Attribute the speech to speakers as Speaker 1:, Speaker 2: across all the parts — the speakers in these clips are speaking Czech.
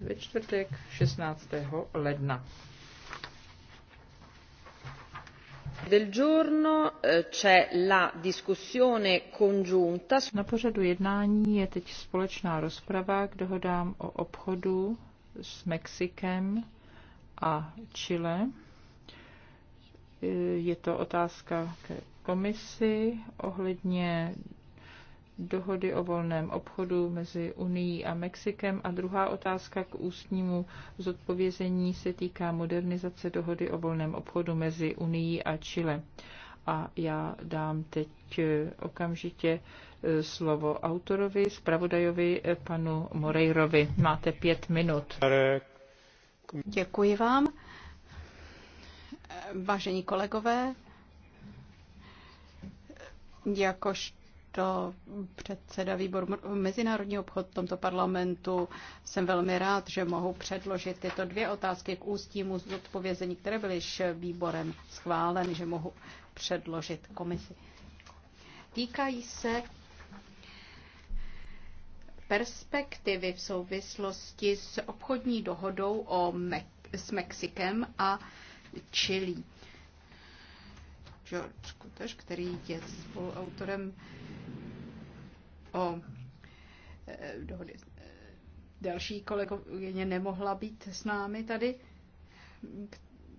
Speaker 1: ve čtvrtek 16. ledna. Del giorno eh, c'è la discussione congiunta. Na pořadu jednání je teď společná rozprava k dohodám o obchodu s Mexikem a Chile. Eh, je to otázka ke komisi ohledně dohody o volném obchodu mezi Unií a Mexikem a druhá otázka k ústnímu zodpovězení se týká modernizace dohody o volném obchodu mezi Unií a Chile. A já dám teď eh, okamžitě eh, slovo autorovi, zpravodajovi, eh, panu Morejrovi. Máte pět
Speaker 2: minut. Děkuji vám. Vážení kolegové, jakož to předseda výboru Mezinárodní obchod v tomto parlamentu. Jsem velmi rád, že mohu předložit tyto dvě otázky k ústímu zodpovězení, které byly již výborem schváleny, že mohu předložit komisi. Týkají se perspektivy v souvislosti s obchodní dohodou o Me- s Mexikem a Chile. George Kutež, který je spoluautorem o e, dohody. Další kolegyně nemohla být s námi tady,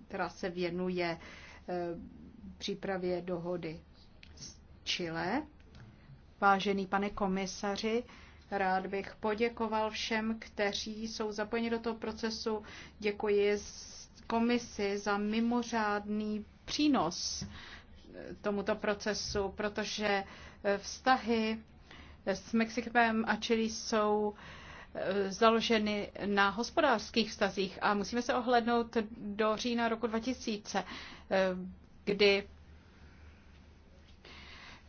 Speaker 2: která se věnuje e, přípravě dohody z Chile. Vážený pane komisaři, Rád bych poděkoval všem, kteří jsou zapojeni do toho procesu. Děkuji komisi za mimořádný přínos e, tomuto procesu, protože vztahy s Mexikem a Chile jsou eh, založeny na hospodářských vztazích. A musíme se ohlednout do října roku 2000, eh, kdy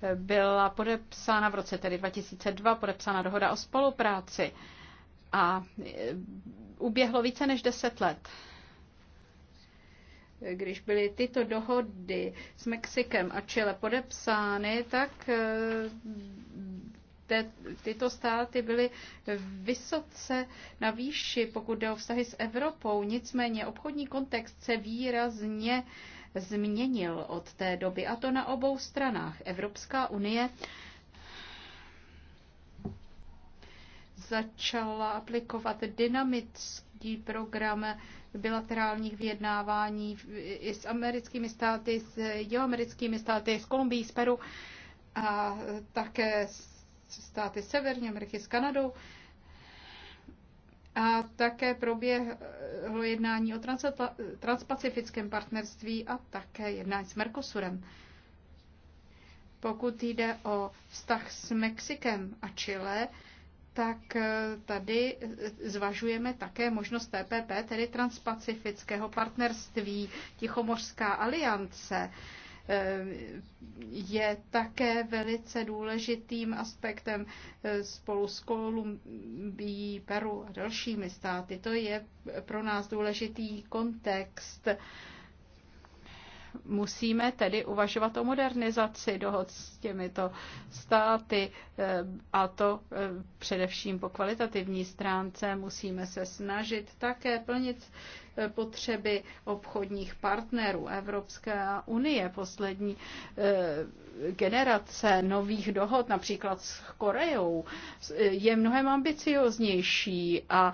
Speaker 2: eh, byla podepsána v roce tedy 2002 podepsána dohoda o spolupráci a uběhlo více než 10 let. Když byly tyto dohody s Mexikem a Chile podepsány, tak te, tyto státy byly vysoce na výši, pokud jde o vztahy s Evropou. Nicméně obchodní kontext se výrazně změnil od té doby, a to na obou stranách. Evropská unie začala aplikovat dynamický program bilaterálních vyjednávání i s americkými státy, s jihoamerickými státy, s Kolumbií, s Peru a také s státy Severní Ameriky s Kanadou. A také proběhlo jednání o transpacifickém partnerství a také jednání s Mercosurem. Pokud jde o vztah s Mexikem a Chile, tak eh, tady eh, zvažujeme také možnost TPP, tedy Transpacifického partnerství, Tichomořská aliance je také velice důležitým aspektem eh, spolu s Kolumbií, Peru a dalšími státy. To je pro nás důležitý kontext. Musíme tedy uvažovat o modernizaci dohod s těmito státy eh, a to eh, především po kvalitativní stránce. Musíme se snažit také plnit Eh, potřeby obchodních partnerů Evropské unie. Poslední eh, generace nových dohod, například s Koreou, eh, je mnohem ambicioznější a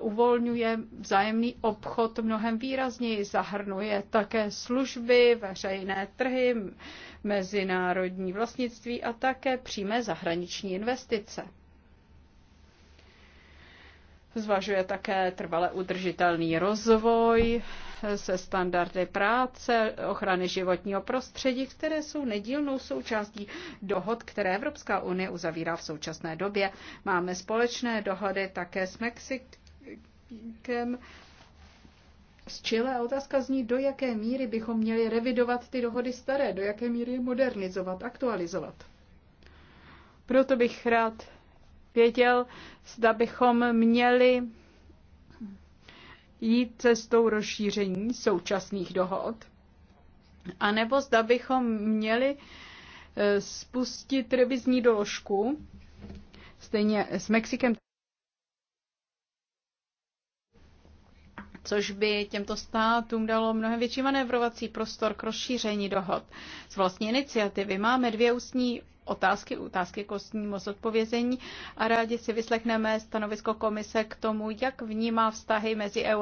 Speaker 2: uvolňuje vzájemný obchod mnohem výrazněji. Zahrnuje také služby, veřejné trhy, mezinárodní vlastnictví a také přímé zahraniční investice. Zvažuje také trvale udržitelný rozvoj se standardy práce, ochrany životního prostředí, které jsou nedílnou součástí dohod, které Evropská unie uzavírá v současné době. Máme společné dohody také s Mexikem, z Chile a otázka zní, do jaké míry bychom měli revidovat ty dohody staré, do jaké míry je modernizovat, aktualizovat. Proto bych rád věděl, zda bychom měli jít cestou rozšíření současných dohod, anebo zda bychom měli eh, spustit revizní doložku stejně s Mexikem, což by těmto státům dalo mnohem větší manévrovací prostor k rozšíření dohod. Z vlastní iniciativy máme dvě ústní otázky, otázky kostní ostnímu zodpovězení a rádi si vyslechneme stanovisko komise k tomu, jak vnímá vztahy mezi EU,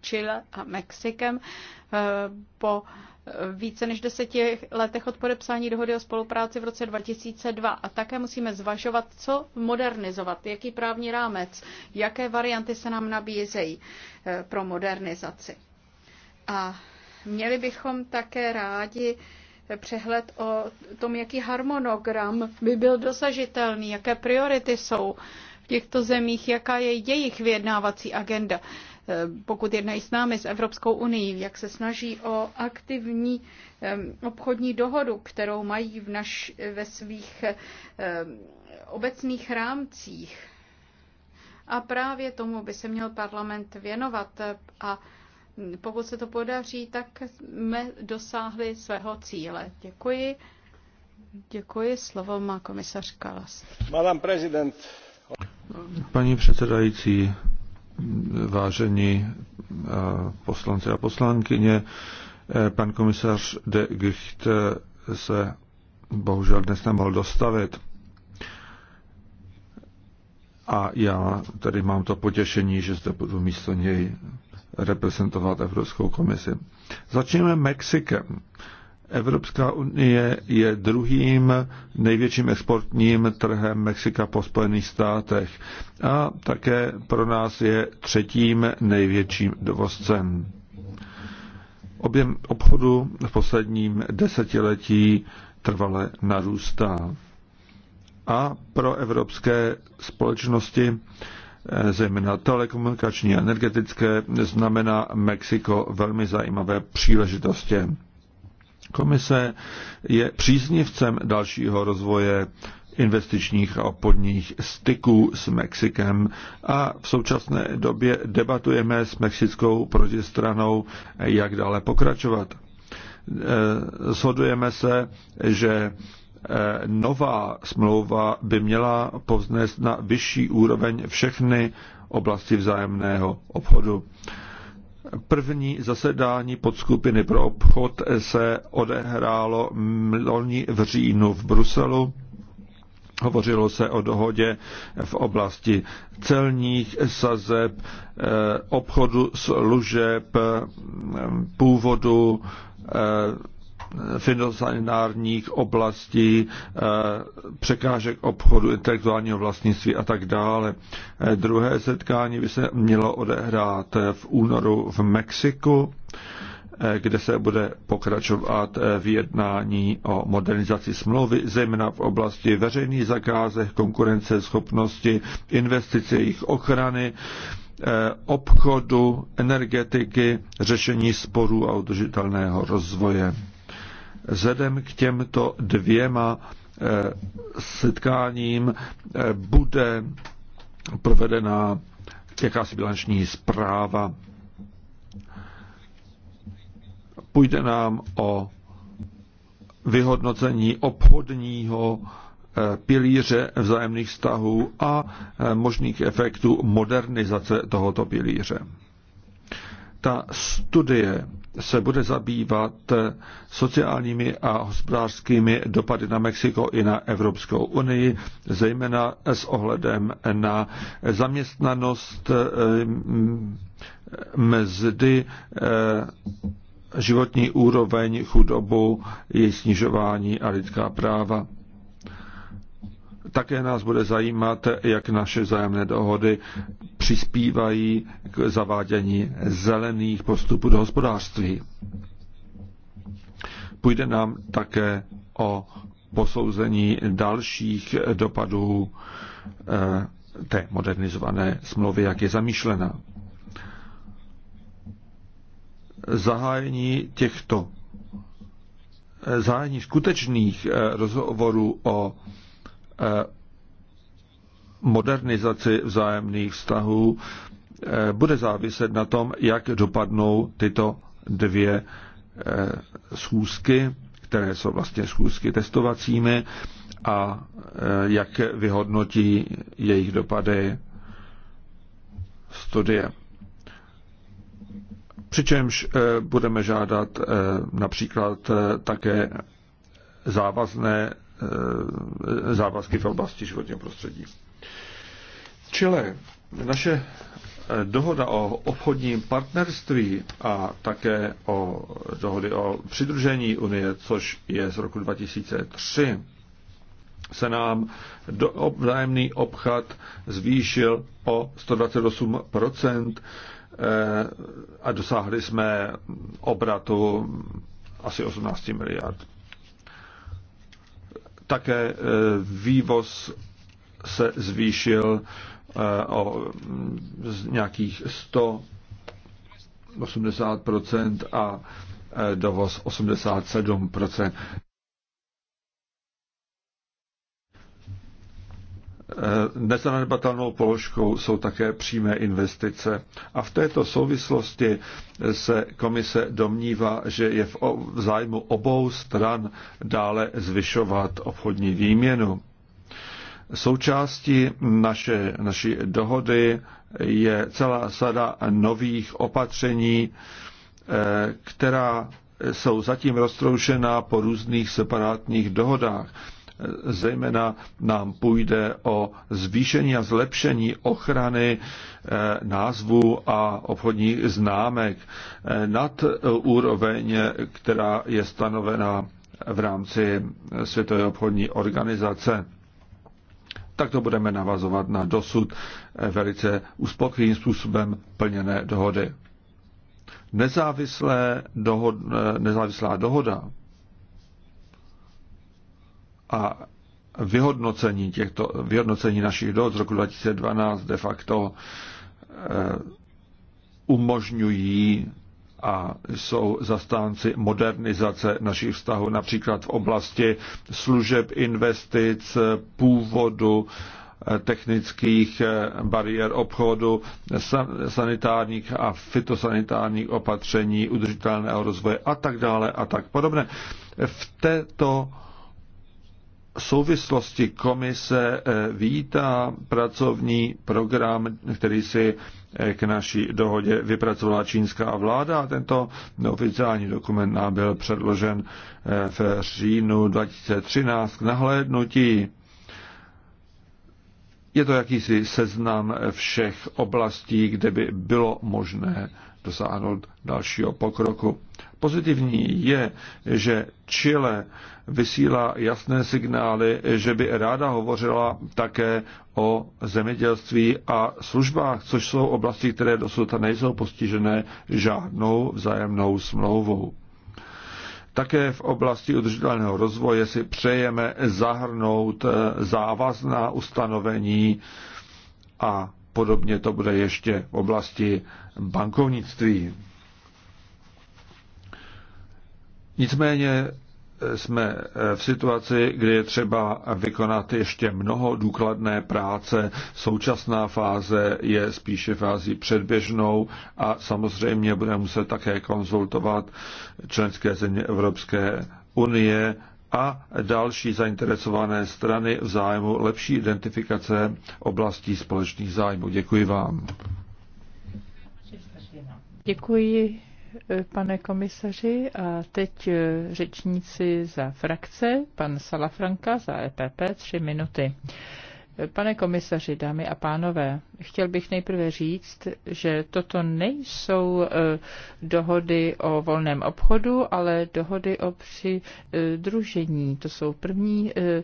Speaker 2: Chile a Mexikem eh, po více než deseti letech od podepsání dohody o spolupráci v roce 2002. A také musíme zvažovat, co modernizovat, jaký právní rámec, jaké varianty se nám nabízejí eh, pro modernizaci. A měli bychom také rádi přehled o tom, jaký harmonogram by byl dosažitelný, jaké priority jsou v těchto zemích, jaká je jejich vyjednávací agenda, eh, pokud jednají s námi, s Evropskou unii, jak se snaží o aktivní eh, obchodní dohodu, kterou mají v naš, ve svých eh, obecných rámcích. A právě tomu by se měl parlament věnovat a pokud se to podaří, tak jsme dosáhli svého cíle. Děkuji. Děkuji. Slovo má komisař Kalas.
Speaker 3: Madame prezident. Paní předsedající, vážení eh, poslanci a poslankyně, eh, pan komisař de Gucht eh, se bohužel dnes nemohl dostavit. A já tady mám to potěšení, že zde budu místo něj reprezentovat Evropskou komisi. Začněme Mexikem. Evropská unie je druhým největším exportním trhem Mexika po Spojených státech a také pro nás je třetím největším dovozcem. Objem obchodu v posledním desetiletí trvale narůstá. A pro evropské společnosti Eh, zejména telekomunikační a energetické, znamená Mexiko velmi zajímavé příležitosti. Komise je příznivcem dalšího rozvoje investičních a obchodních styků s Mexikem a v současné době debatujeme s mexickou protistranou, jak dále pokračovat. Eh, shodujeme se, že Eh, nová smlouva by měla povznést na vyšší úroveň všechny oblasti vzájemného obchodu. První zasedání podskupiny pro obchod se odehrálo loni v říjnu v Bruselu. Hovořilo se o dohodě v oblasti celních sazeb, eh, obchodu služeb, eh, původu, finosanitárních oblastí, eh, překážek obchodu, intelektuálního vlastnictví a tak dále. Eh, druhé setkání by se mělo odehrát v únoru v Mexiku, eh, kde se bude pokračovat v jednání o modernizaci smlouvy, zejména v oblasti veřejných zakázek, konkurence, schopnosti, investice, jejich ochrany, obchodu, energetiky, řešení sporů a udržitelného rozvoje vzhledem k těmto dvěma eh, setkáním eh, bude provedena jakási bilanční zpráva. Půjde nám o vyhodnocení obchodního eh, pilíře vzájemných vztahů a možných efektů modernizace tohoto pilíře. Ta studie se bude zabývat sociálními a hospodářskými dopady na Mexiko i na Evropskou unii, zejména s ohledem na zaměstnanost mzdy životní úroveň, chudobu, její snižování a lidská práva. Také nás bude zajímat, jak naše zájemné dohody přispívají k zavádění zelených postupů do hospodářství. Půjde nám také o posouzení dalších dopadů eh, té modernizované smlouvy, jak je zamýšlena. Zahájení těchto eh, zahájení skutečných eh, rozhovorů o Eh, modernizaci vzájemných vztahů eh, bude záviset na tom, jak dopadnou tyto dvě eh, schůzky, které jsou vlastně schůzky testovacími, a jak vyhodnotí jejich dopady studie. Přičemž budeme žádat například také závazné Eh, závazky v oblasti životního prostředí. Čile, naše eh, dohoda o obchodním partnerství a také o dohody o přidružení Unie, což je z roku 2003, se nám do, obzájemný obchod zvýšil o 128% eh, a dosáhli jsme obratu asi 18 miliard. Také eh, vývoz se zvýšil eh, o nějakých 180 a eh, dovoz 87 Eh, nezanedbatelnou položkou jsou také přímé investice. A v této souvislosti se komise domnívá, že je v zájmu obou stran dále zvyšovat obchodní výměnu. Součástí naše, naší dohody je celá sada nových opatření, eh, která jsou zatím roztroušená po různých separátních dohodách. Zejména nám půjde o zvýšení a zlepšení ochrany eh, názvu a obchodních známek eh, nad úroveň, která je stanovena v rámci Světové obchodní organizace. Tak to budeme navazovat na dosud eh, velice uspokojivým způsobem plněné dohody. Nezávislé dohod, nezávislá dohoda a vyhodnocení, těchto, vyhodnocení našich dohod z roku 2012 de facto eh, umožňují a jsou zastánci modernizace našich vztahů, například v oblasti služeb, investic, původu, eh, technických eh, bariér obchodu, sanitárních a fitosanitárních opatření, udržitelného rozvoje a tak dále a tak podobně. V této souvislosti komise eh, vítá pracovní program, který si eh, k naší dohodě vypracovala čínská vláda tento oficiální dokument nám byl předložen eh, v říjnu 2013 k nahlédnutí. Je to jakýsi seznam všech oblastí, kde by bylo možné dosáhnout dalšího pokroku. Pozitivní je, že Chile vysílá jasné signály, že by ráda hovořila také o zemědělství a službách, což jsou oblasti, které dosud nejsou postižené žádnou vzájemnou smlouvou. Také v oblasti udržitelného rozvoje si přejeme zahrnout eh, závazná ustanovení a podobně to bude ještě v oblasti bankovnictví. Nicméně eh, jsme eh, v situaci, kdy je třeba vykonat ještě mnoho důkladné práce. Současná fáze je spíše fází předběžnou a samozřejmě budeme muset také konzultovat členské země Evropské unie a další zainteresované strany v zájmu lepší identifikace oblastí společných zájmů. Děkuji vám.
Speaker 1: Děkuji pane komisaři. A teď e, řečníci za frakce, pan Salafranka za EPP, tři minuty. Pane komisaři, dámy a pánové, chtěl bych nejprve říct, že toto nejsou e, dohody o volném obchodu, ale dohody o přidružení. To jsou první e,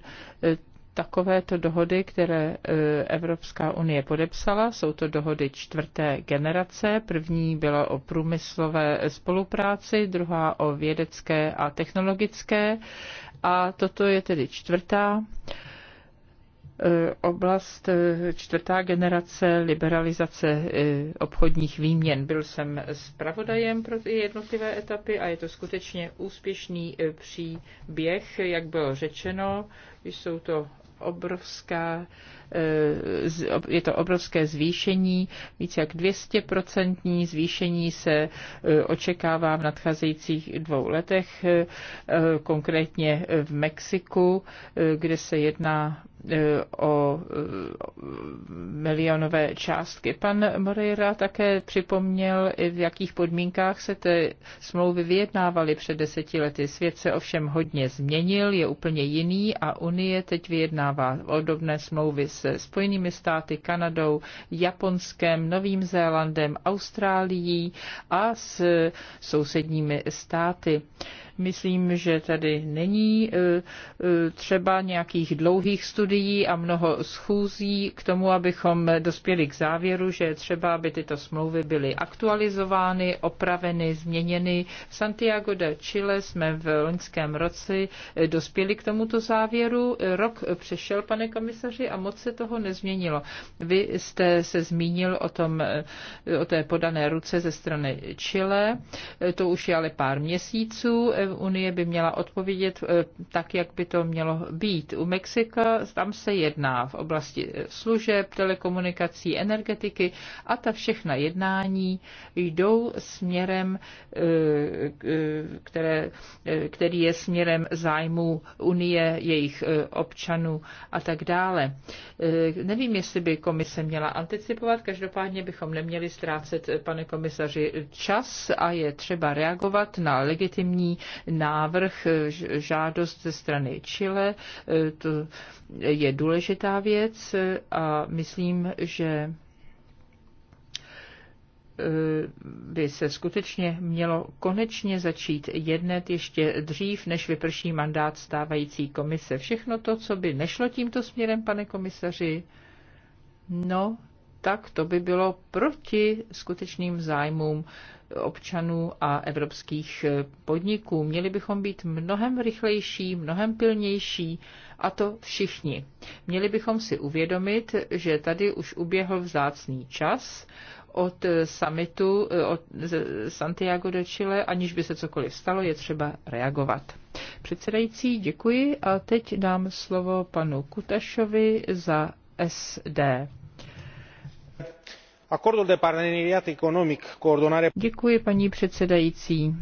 Speaker 1: takovéto dohody, které eh, Evropská unie podepsala. Jsou to dohody čtvrté generace. První byla o průmyslové spolupráci, druhá o vědecké a technologické. A toto je tedy čtvrtá eh, oblast eh, čtvrtá generace liberalizace obchodních výměn. Byl jsem zpravodajem pro ty jednotlivé etapy a je to skutečně úspěšný příběh, jak bylo řečeno. Jsou to obrovská Eh, je to obrovské zvýšení, více jak 200% zvýšení se eh, očekává v nadcházejících dvou letech, eh, konkrétně v Mexiku, kde se jedná o milionové částky. Pan Moreira také připomněl, v jakých podmínkách se ty smlouvy vyjednávaly před deseti lety. Svět se ovšem hodně změnil, je úplně jiný a Unie teď vyjednává obdobné smlouvy se Spojenými státy, Kanadou, Japonskem, Novým Zélandem, Austrálií a s sousedními státy. Myslím, že tady není e, e, třeba nějakých dlouhých studií a mnoho schůzí k tomu, abychom dospěli k závěru, že třeba, aby tyto smlouvy byly aktualizovány, opraveny, změněny. V Santiago de Chile jsme v loňském roce e, dospěli k tomuto závěru. Rok přešel, pane komisaři, a moc se toho nezměnilo. Vy jste se zmínil o, tom, o té podané ruce ze strany Chile. To už je ale pár měsíců unie by měla odpovědět eh, tak, jak by to mělo být. U Mexika tam se jedná v oblasti eh, služeb, telekomunikací, energetiky a ta všechna jednání jdou směrem, eh, které, který je směrem zájmu unie, jejich občanů a tak dále. Nevím, jestli by komise měla anticipovat, každopádně bychom neměli ztrácet, pane komisaři, čas a je třeba reagovat na legitimní návrh, eh, žádost ze strany Chile. Eh, to je důležitá věc eh, a myslím, že by se skutečně mělo konečně začít jednat ještě dřív, než vyprší mandát stávající komise. Všechno to, co by nešlo tímto směrem, pane komisaři, no, tak to by bylo proti skutečným zájmům občanů a evropských eh, podniků. Měli bychom být mnohem rychlejší, mnohem pilnější a to všichni. Měli bychom si uvědomit, že tady už uběhl vzácný čas od eh, summitu eh, od Santiago de Chile, aniž by se cokoliv stalo, je třeba reagovat. Předsedající, děkuji a teď dám slovo panu Kutašovi za SD
Speaker 3: acordul de parteneriat economic coordonare. Děkuji,
Speaker 1: paní předsedající.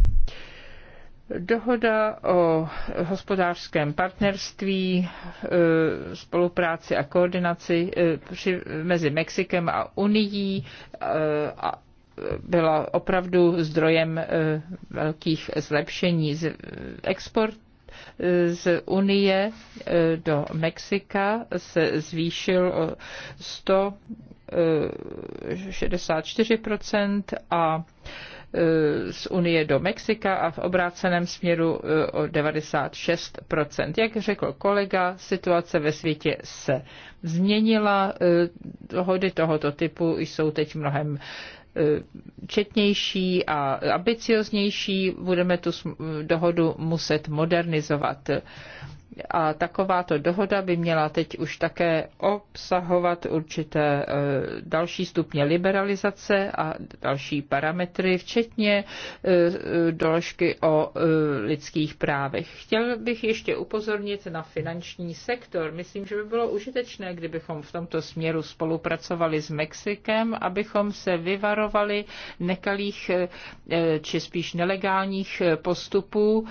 Speaker 1: Dohoda o hospodářském partnerství, eh, spolupráci a koordinaci eh, mezi Mexikem a Unií eh, byla opravdu zdrojem velkých zlepšení. Export z Unie do Mexika se zvýšil o 100 64% a e, z Unie do Mexika a v obráceném směru e, o 96%. Jak řekl kolega, situace ve světě se změnila. E, dohody tohoto typu jsou teď mnohem četnější a ambicioznější. Budeme tu dohodu muset modernizovat. A takováto dohoda by měla teď už také obsahovat určité e, další stupně liberalizace a další parametry, včetně e, doložky o e, lidských právech. Chtěl bych ještě upozornit na finanční sektor. Myslím, že by bylo užitečné, kdybychom v tomto směru spolupracovali s Mexikem, abychom se vyvarovali nekalých či spíš nelegálních postupů,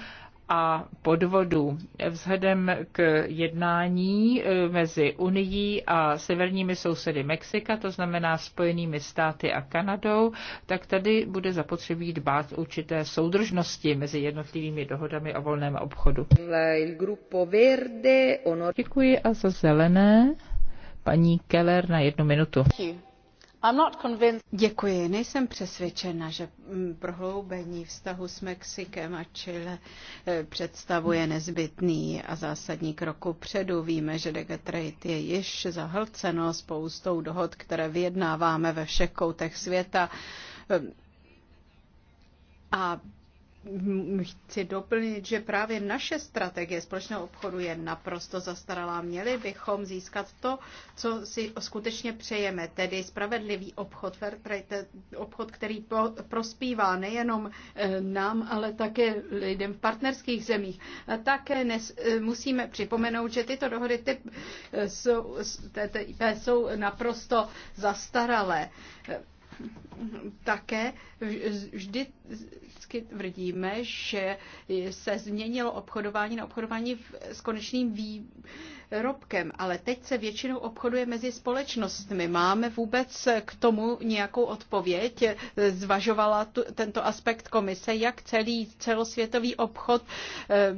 Speaker 1: a podvodů. Vzhledem k jednání eh, mezi Unií a severními sousedy Mexika, to znamená Spojenými státy a Kanadou, tak tady bude zapotřebí dbát určité soudržnosti mezi jednotlivými dohodami o volném obchodu. Děkuji a za zelené paní Keller na jednu minutu.
Speaker 2: Děkuji. Děkuji. Nejsem přesvědčena, že mm, prohloubení vztahu s Mexikem a Chile eh, představuje nezbytný a zásadní krok předu. Víme, že Degetrade je již zahlceno spoustou dohod, které vyjednáváme ve všech koutech světa. Ehm, a chci doplnit, že právě naše strategie společného obchodu je naprosto zastaralá. Měli bychom získat to, co si skutečně přejeme, tedy spravedlivý obchod, eh, obchod, který prospívá nejenom eh, nám, ale také lidem v partnerských zemích. A také nes, eh, musíme připomenout, že tyto dohody typ, jsou, TTIP jsou naprosto zastaralé také vždy tvrdíme, že se změnilo obchodování na obchodování s konečným vý, ropkem, ale teď se většinou obchoduje mezi společnostmi. Máme vůbec k tomu nějakou odpověď? Zvažovala tu, tento aspekt komise, jak celý celosvětový obchod eh,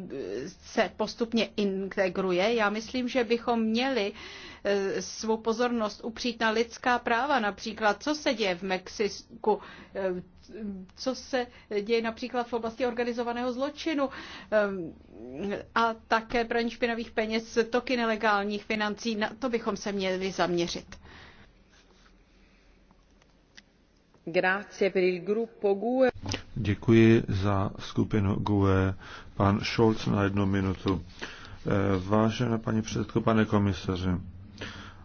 Speaker 2: se postupně integruje? Já myslím, že bychom měli eh, svou pozornost upřít na lidská práva. Například, co se děje v Mexiku, eh, co se děje například v oblasti organizovaného zločinu eh, a také praní špinavých peněz, toky nelegálních financí. Na to bychom se měli zaměřit.
Speaker 3: Děkuji za skupinu GUE. Pan Scholz na jednu minutu. Eh, vážená paní předsedko, pane komisaři,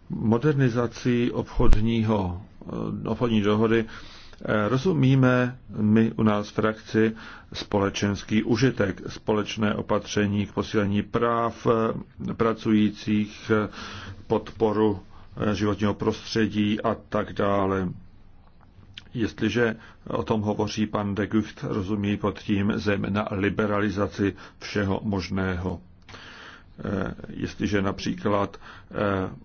Speaker 3: modernizací obchodního, eh, obchodní dohody Rozumíme my u nás v frakci společenský užitek, společné opatření k posílení práv pracujících, podporu eh, životního prostředí a tak dále. Jestliže o tom hovoří pan de Gucht, rozumí pod tím zejména liberalizaci všeho možného. Eh, jestliže například eh,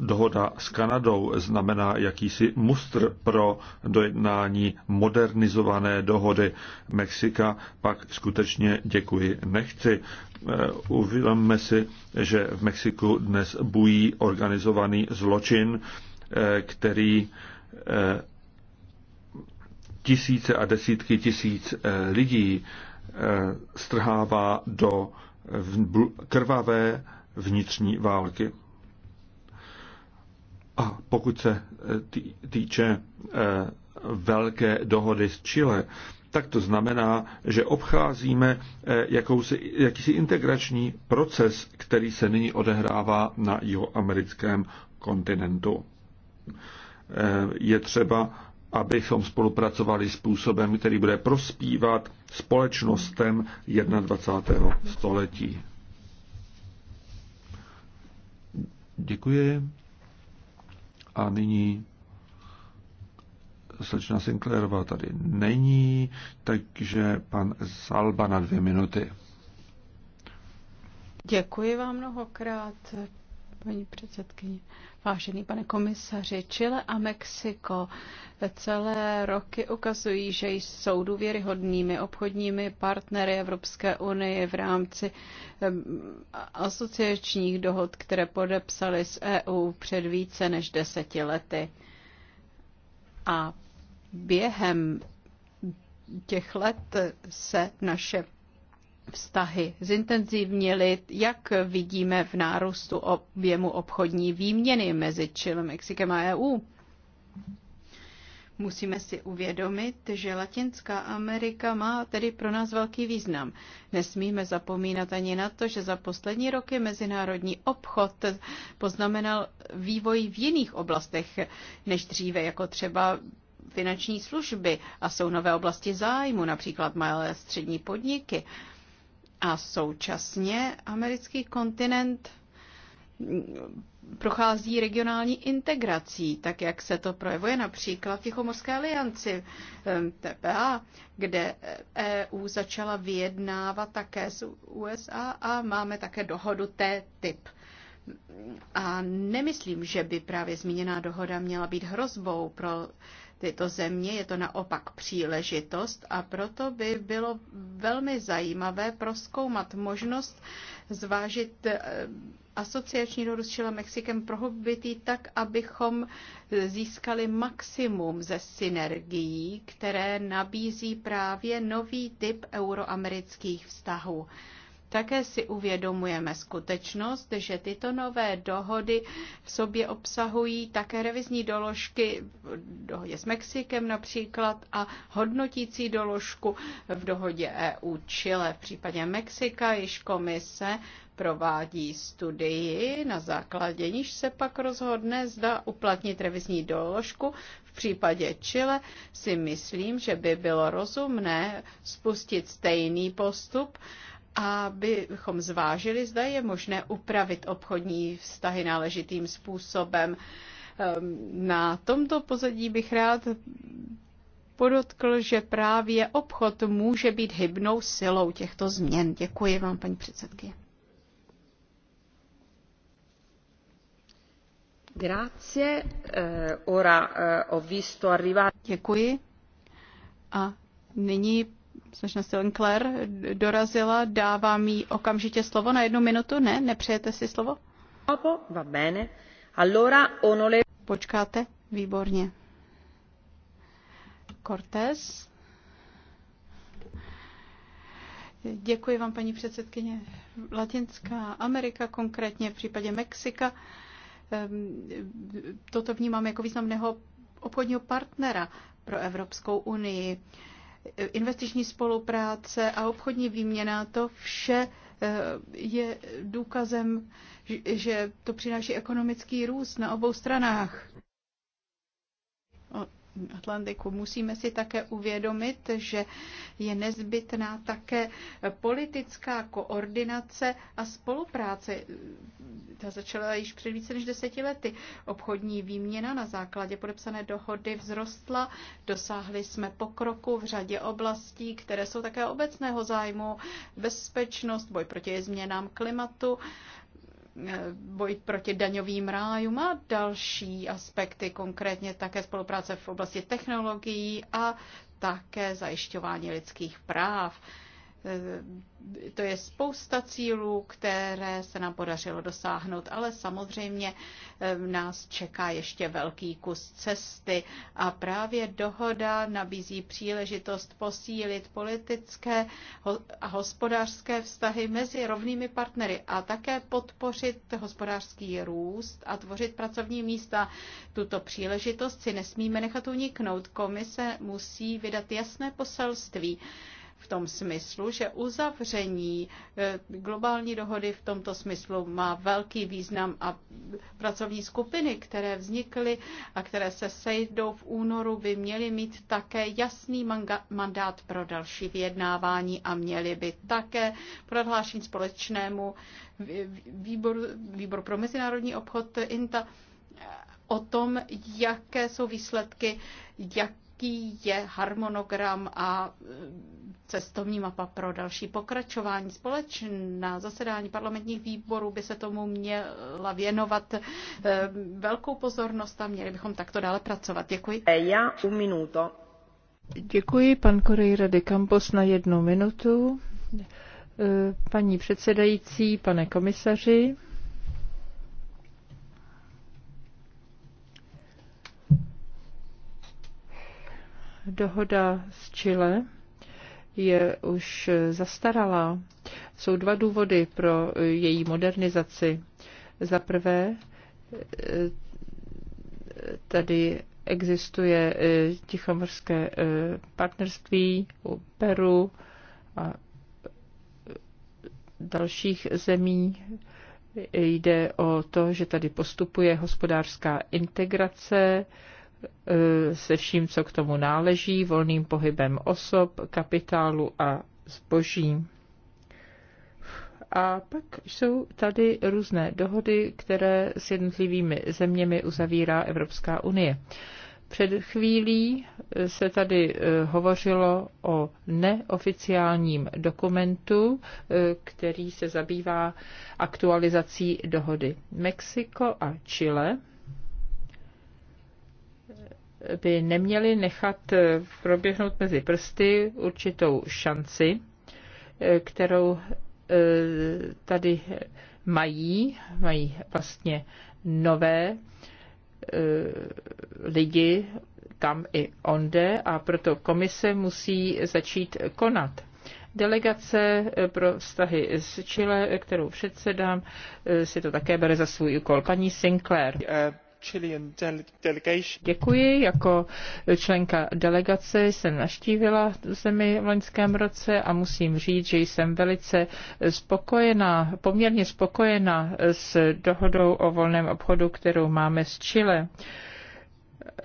Speaker 3: dohoda s Kanadou znamená jakýsi mustr pro dojednání modernizované dohody Mexika, pak skutečně děkuji nechci. Eh, uvědomme si, že v Mexiku dnes bují organizovaný zločin, eh, který eh, tisíce a desítky tisíc lidí strhává do krvavé vnitřní války. A pokud se eh, týče eh, velké dohody s Chile, tak to znamená, že obcházíme eh, jakousi, jakýsi integrační proces, který se nyní odehrává na jihoamerickém kontinentu. Je třeba, abychom spolupracovali způsobem, který bude prospívat společnostem 21. století. Děkuji. A nyní slečna Sinclairová tady není, takže pan Salba na dvě minuty.
Speaker 2: Děkuji vám mnohokrát, paní předsedkyně. Vážený pane komisaři, Chile a Mexiko celé roky ukazují, že jsou důvěryhodnými obchodními partnery Evropské unie v rámci asociačních dohod, které podepsali s EU před více než deseti lety. A během těch let se naše vztahy zintenzivnili, jak vidíme v nárůstu objemu obchodní výměny mezi Chile, Mexikem a EU. Musíme si uvědomit, že Latinská Amerika má tedy pro nás velký význam. Nesmíme zapomínat ani na to, že za poslední roky mezinárodní obchod poznamenal vývoj v jiných oblastech než dříve, jako třeba finanční služby a jsou nové oblasti zájmu, například malé střední podniky. A současně americký kontinent prochází regionální integrací, tak jak se to projevuje například v Tichomorské alianci TPA, kde EU začala vyjednávat také s USA a máme také dohodu T-typ. A nemyslím, že by právě zmíněná dohoda měla být hrozbou pro tyto země, je to naopak příležitost a proto by bylo velmi zajímavé proskoumat možnost zvážit eh, asociační dohodu s Chile Mexikem prohobitý tak, abychom získali maximum ze synergií, které nabízí právě nový typ euroamerických vztahů. Také si uvědomujeme skutečnost, že tyto nové dohody v sobě obsahují také revizní doložky v dohodě s Mexikem například a hodnotící doložku v dohodě EU Chile. V případě Mexika již komise provádí studii, na základě níž se pak rozhodne, zda uplatnit revizní doložku. V případě Chile si myslím, že by bylo rozumné spustit stejný postup abychom zvážili, zda je možné upravit obchodní vztahy náležitým způsobem. Ehm, na tomto pozadí bych rád podotkl, že právě obchod může být hybnou silou těchto změn. Děkuji vám, paní předsedky. Grazie. Eh, ora eh, ho visto arrivare. Děkuji. A nyní Slečna Sinclair dorazila, dávám jí okamžitě slovo na jednu minutu. Ne, nepřejete si slovo? Va bene. Allora, onole... Počkáte? Výborně. Cortez. Děkuji vám, paní předsedkyně. Latinská Amerika, konkrétně v případě Mexika, ehm, toto vnímám jako významného obchodního partnera pro Evropskou unii investiční spolupráce a obchodní výměna, to vše eh, je důkazem, že to přináší ekonomický růst na obou stranách. Atlantiku. Musíme si také uvědomit, že je nezbytná také politická koordinace a spolupráce. Ta začala již před více než deseti lety. Obchodní výměna na základě podepsané dohody vzrostla. Dosáhli jsme pokroku v řadě oblastí, které jsou také obecného zájmu. Bezpečnost, boj proti změnám klimatu, Eh, boj proti daňovým rájům a další aspekty, konkrétně také spolupráce v oblasti technologií a také zajišťování lidských práv. Eh, to je spousta cílů, které se nám podařilo dosáhnout, ale samozřejmě eh, nás čeká ještě velký kus cesty a právě dohoda nabízí příležitost posílit politické a hospodářské vztahy mezi rovnými partnery a také podpořit hospodářský růst a tvořit pracovní místa. Tuto příležitost si nesmíme nechat uniknout. Komise musí vydat jasné poselství v tom smyslu, že uzavření eh, globální dohody v tomto smyslu má velký význam a pracovní skupiny, které vznikly a které se sejdou v únoru, by měly mít také jasný mandát pro další vyjednávání a měly by také prohlášení společnému výboru, výboru pro mezinárodní obchod INTA o tom, jaké jsou výsledky, jak jaký je harmonogram a e, cestovní mapa pro další pokračování. Společná zasedání parlamentních výborů by se tomu měla věnovat e, velkou pozornost a měli bychom takto dále pracovat. Děkuji. E, já u minuto.
Speaker 1: Děkuji, pan Correira de Campos, na jednu minutu. Paní předsedající, pane komisaři, dohoda s Chile je už zastaralá. Jsou dva důvody pro její modernizaci. Za prvé, tady existuje eh, tichomorské eh, partnerství u Peru a eh, dalších zemí. Jde o to, že tady postupuje hospodářská integrace, Eh, se vším, co k tomu náleží, volným pohybem osob, kapitálu a zboží. A pak jsou tady různé dohody, které s jednotlivými zeměmi uzavírá Evropská unie. Před chvílí eh, se tady eh, hovořilo o neoficiálním dokumentu, který se zabývá aktualizací dohody Mexiko a Chile by neměli nechat eh, proběhnout mezi prsty určitou šanci, eh, kterou eh, tady mají, mají vlastně nové lidi tam i onde a proto komise musí začít konat. Delegace pro vztahy s Chile, kterou předsedám, si to také bere za svůj úkol. Paní Sinclair. Uh. Děkuji. Jako členka delegace jsem naštívila zemi v loňském roce a musím říct, že jsem velice spokojená, poměrně spokojená s dohodou o volném obchodu, kterou máme s Chile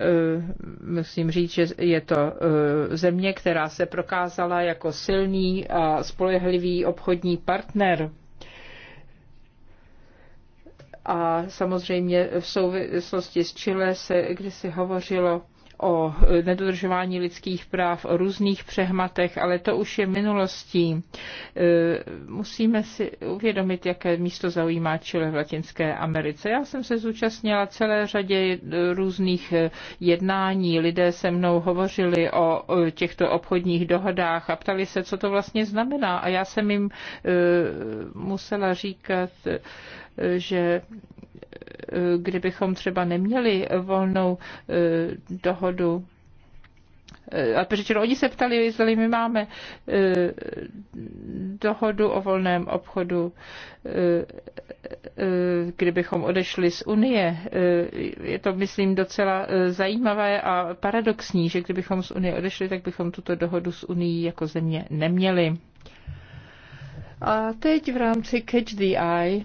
Speaker 1: eh, musím říct, že je to eh, země, která se prokázala jako silný a spolehlivý obchodní partner a samozřejmě v souvislosti s Chile se kdysi hovořilo o nedodržování lidských práv, o různých přehmatech, ale to už je minulostí. E, musíme si uvědomit, jaké místo zaujímá Chile v Latinské Americe. Já jsem se zúčastnila celé řadě různých jednání. Lidé se mnou hovořili o těchto obchodních dohodách a ptali se, co to vlastně znamená. A já jsem jim e, musela říkat, e, že kdybychom třeba neměli volnou eh, dohodu eh, a protože oni se ptali, jestli my máme eh, dohodu o volném obchodu, kdybychom odešli z Unie. Je to, myslím, docela zajímavé a paradoxní, že kdybychom z Unie odešli, tak bychom tuto dohodu s Unii jako země neměli. A teď v rámci Catch the Eye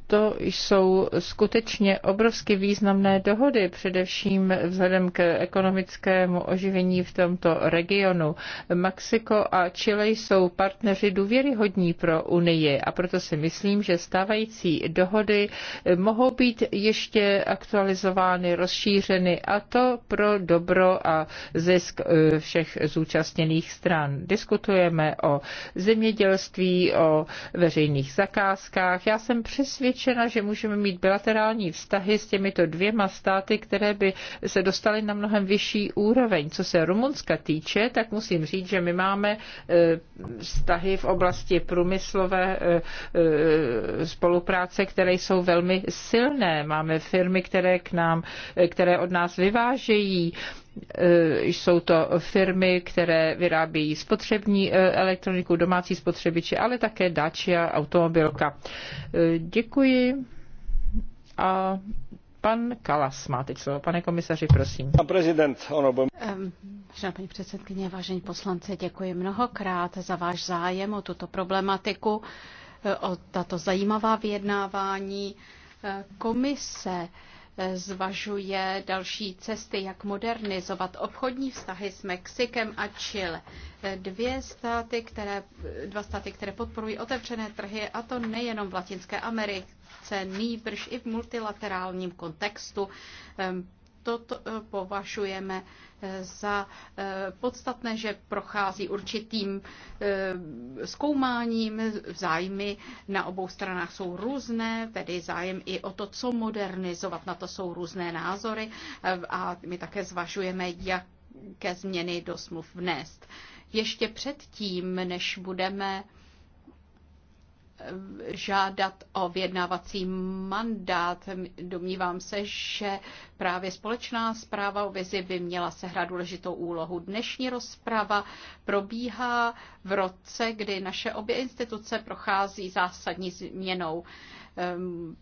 Speaker 1: to jsou skutečně obrovsky významné dohody, především vzhledem k ekonomickému oživení v tomto regionu. Mexiko a Chile jsou partneři důvěryhodní pro Unii a proto si myslím, že stávající dohody mohou být ještě aktualizovány, rozšířeny a to pro dobro a zisk eh, všech zúčastněných stran. Diskutujeme o zemědělství, o veřejných zakázkách. Já jsem přesvědčen, přesvědčena, že můžeme mít bilaterální vztahy s těmito dvěma státy, které by se dostaly na mnohem vyšší úroveň. Co se Rumunska týče, tak musím říct, že my máme e, vztahy v oblasti průmyslové e, e, spolupráce, které jsou velmi silné. Máme firmy, které k nám, které od nás vyvážejí Eh, jsou to firmy, které vyrábějí spotřební eh, elektroniku, domácí spotřebiče, ale také Dacia, automobilka. Eh, děkuji. A Pan Kalas má teď slovo. Pane komisaři, prosím. Pan
Speaker 3: prezident, ono bom...
Speaker 2: Vážená paní předsedkyně, vážení poslanci, děkuji mnohokrát za váš zájem o tuto problematiku, o tato zajímavá vyjednávání. Komise zvažuje další cesty, jak modernizovat obchodní vztahy s Mexikem a Chile. Dvě státy, které, dva státy, které podporují otevřené trhy, a to nejenom v Latinské Americe, nýbrž i v multilaterálním kontextu toto eh, považujeme eh, za eh, podstatné, že prochází určitým zkoumáním. Zájmy na obou stranách jsou různé, tedy zájem i o to, co modernizovat. Na to jsou různé názory a my také zvažujeme, jaké změny do smluv vnést. Ještě předtím, než budeme žádat o vyjednávací mandát. Domnívám se, že právě společná zpráva o vizi by měla sehrát důležitou úlohu. Dnešní rozprava probíhá v roce, kdy naše obě instituce prochází zásadní změnou ehm,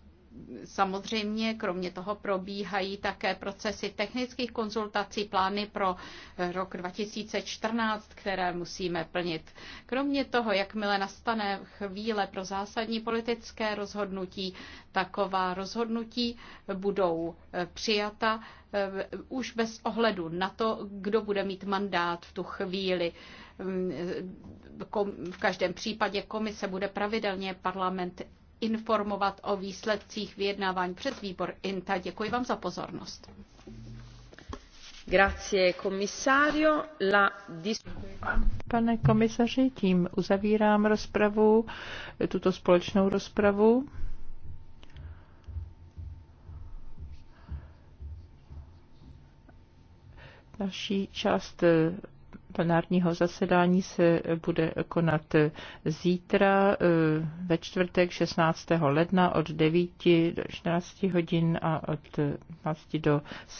Speaker 2: samozřejmě kromě toho probíhají také procesy technických konzultací, plány pro rok 2014, které musíme plnit. Kromě toho, jakmile nastane chvíle pro zásadní politické rozhodnutí, taková rozhodnutí budou eh, přijata eh, už bez ohledu na to, kdo bude mít mandát v tu chvíli. Hm, eh, v každém případě komise bude pravidelně parlament informovat o výsledcích vyjednávání přes výbor INTA. Děkuji vám za pozornost. Grazie, komisario. La... dis...
Speaker 1: Pane komisaři, tím uzavírám rozpravu, tuto společnou rozpravu. Další část plenárního zasedání se bude konat zítra eh, ve čtvrtek 16. ledna od 9 do 14 hodin a od 15 do 17.